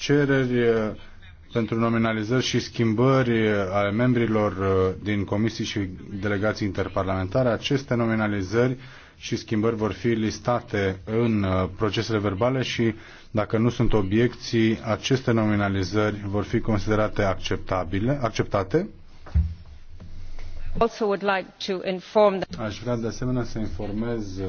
cereri eh, pentru nominalizări și schimbări eh, ale membrilor eh, din comisii și delegații interparlamentare. Aceste nominalizări și schimbări vor fi listate în procesele verbale și, dacă nu sunt obiecții, aceste nominalizări vor fi considerate acceptabile, acceptate. Aș vrea de asemenea să informez